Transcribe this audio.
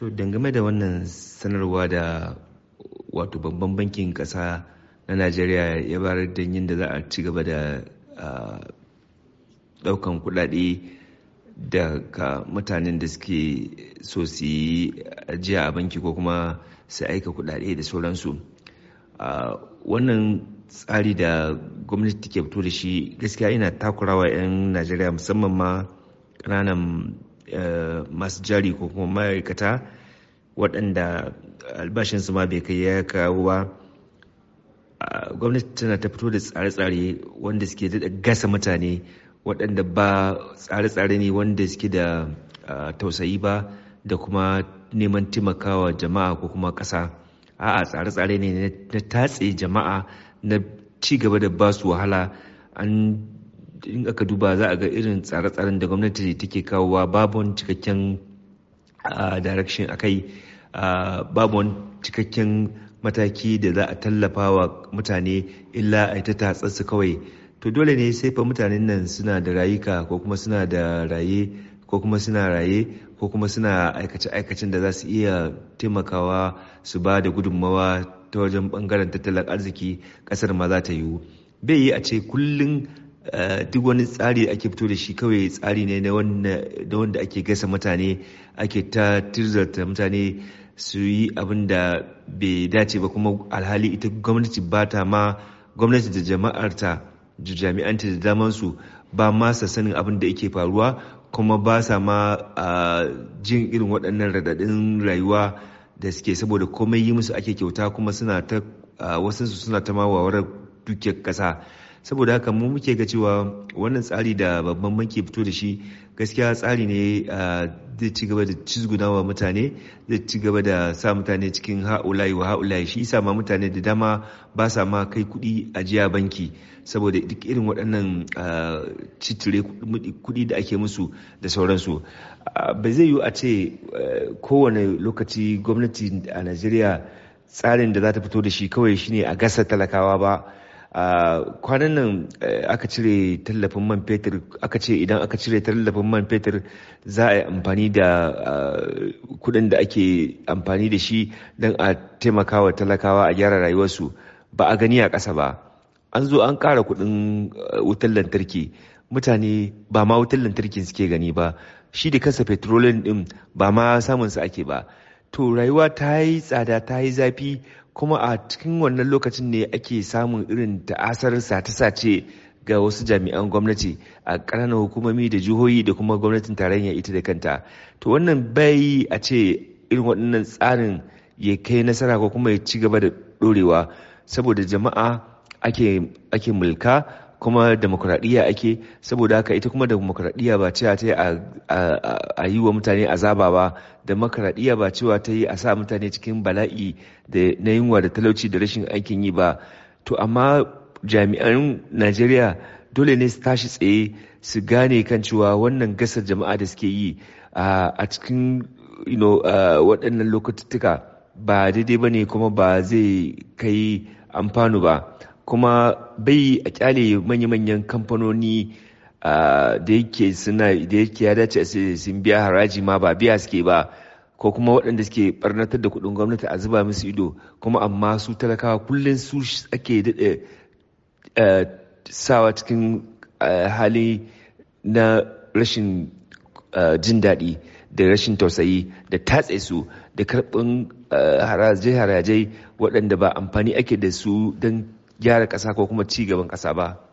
To dangane da wannan sanarwa da wato babban bankin ƙasa na Najeriya ya bayar da yin da za a ci gaba da ɗaukan kuɗaɗe daga mutanen da suke so su yi ajiya a banki ko kuma su aika kuɗaɗe da sauransu. Wannan tsari da gwamnati ke fito da shi gaskiya ina takurawa 'yan Najeriya musamman ma ƙananan Eh, masu jari ko kuma ma'aikata waɗanda albashinsu ma bai kai ya kawo ba gwamnati tana ta fito da tsare-tsare wanda suke da gasa mutane waɗanda ba tsare-tsare ne wanda suke da tausayi ba da kuma neman taimakawa jama'a ko kuma ƙasa a'a tsare-tsare ne na tatse jama'a na ci gaba da ba su wahala an in aka duba za a ga irin tsare-tsaren da gwamnati take kawo babu wani cikakken direction a kai babu wani cikakken mataki da za a tallafa wa mutane illa a ta tatsarsu kawai to dole ne sai fa mutanen nan suna da rayuka ko kuma suna da raye ko kuma suna raye ko kuma suna aikace-aikacen da za su iya taimakawa su ba da gudunmawa ta wajen bangaren tattalin arziki kasar ma za ta yiwu bai yi a ce kullum Eh, duk wani tsari da ake fito da shi kawai tsari ne na wanda ake gasa mutane ake ta tirzarta mutane su yi abin da bai dace ba kuma alhali ita gwamnati ba ta ma gwamnati da jama'arta da jami'anta da daman su ba ma sa sanin abin da yake faruwa kuma ba sa ma jin irin waɗannan raɗaɗin rayuwa da suke saboda komai yi musu ake kyauta kuma suna ta wasansu suna ta mawawarar dukiyar ƙasa saboda haka mu muke ga cewa wannan tsari da babban banki fito da shi gaskiya tsari ne zai ci gaba da cizgunawa mutane zai ci gaba da sa mutane cikin ha'ulayi wa ha'ulayi shi isa ma mutane da dama ba sa ma kai kuɗi ajiya banki saboda duk irin waɗannan cicire kuɗi da ake musu da sauransu ba zai yiwu a ce kowane lokaci gwamnati a najeriya tsarin da za ta fito da shi kawai shine a gasar talakawa ba kwanan nan eh, aka cire tallafin man fetur aka ce idan aka cire tallafin man fetur za a yi amfani da kudin da ake amfani da shi don a taimaka wa talakawa a gyara rayuwarsu ba a gani a ƙasa ba an zo an ƙara kudin eh, wutar lantarki mutane ba ma wutar lantarkin suke gani ba shi da kansa petrolin din ba ma samunsa ake ba to rayuwa ta yi tsada ta yi zafi kuma a cikin wannan lokacin ne ake samun irin ta'asar sace-sace ga wasu jami'an gwamnati a ƙananan hukumomi da jihohi da kuma gwamnatin tarayya ita da kanta to wannan bai a ce irin waɗannan tsarin ya kai nasara ko kuma ya ci gaba da ɗorewa saboda jama'a ake mulka kuma demokuraɗiyya ake saboda haka ita kuma demokuraɗiyya ba cewa ta yi a yi wa mutane azaba ba demokuraɗiyya ba cewa ta yi a sa mutane cikin bala'i da na yunwa da talauci da rashin aikin yi ba to amma jami'an najeriya dole ne su tashi tsaye su gane kan cewa wannan gasar jama'a da suke yi a cikin waɗannan lokututtuka ba daidai ba ne kuma ba zai kai amfanu ba kuma bai a kyale manya-manyan kamfanoni da yake suna da yake ya dace sun biya haraji ma ba biya suke ba ko kuma waɗanda suke barnatar da kuɗin gwamnati a zuba musu ido kuma amma su talakawa kullum su ake daɗe sawa cikin hali na rashin jin daɗi da rashin tausayi da tatse su da karɓin harajai-harajai waɗanda ba amfani ake da su don gyara ƙasa ko kuma ci gaban ƙasa ba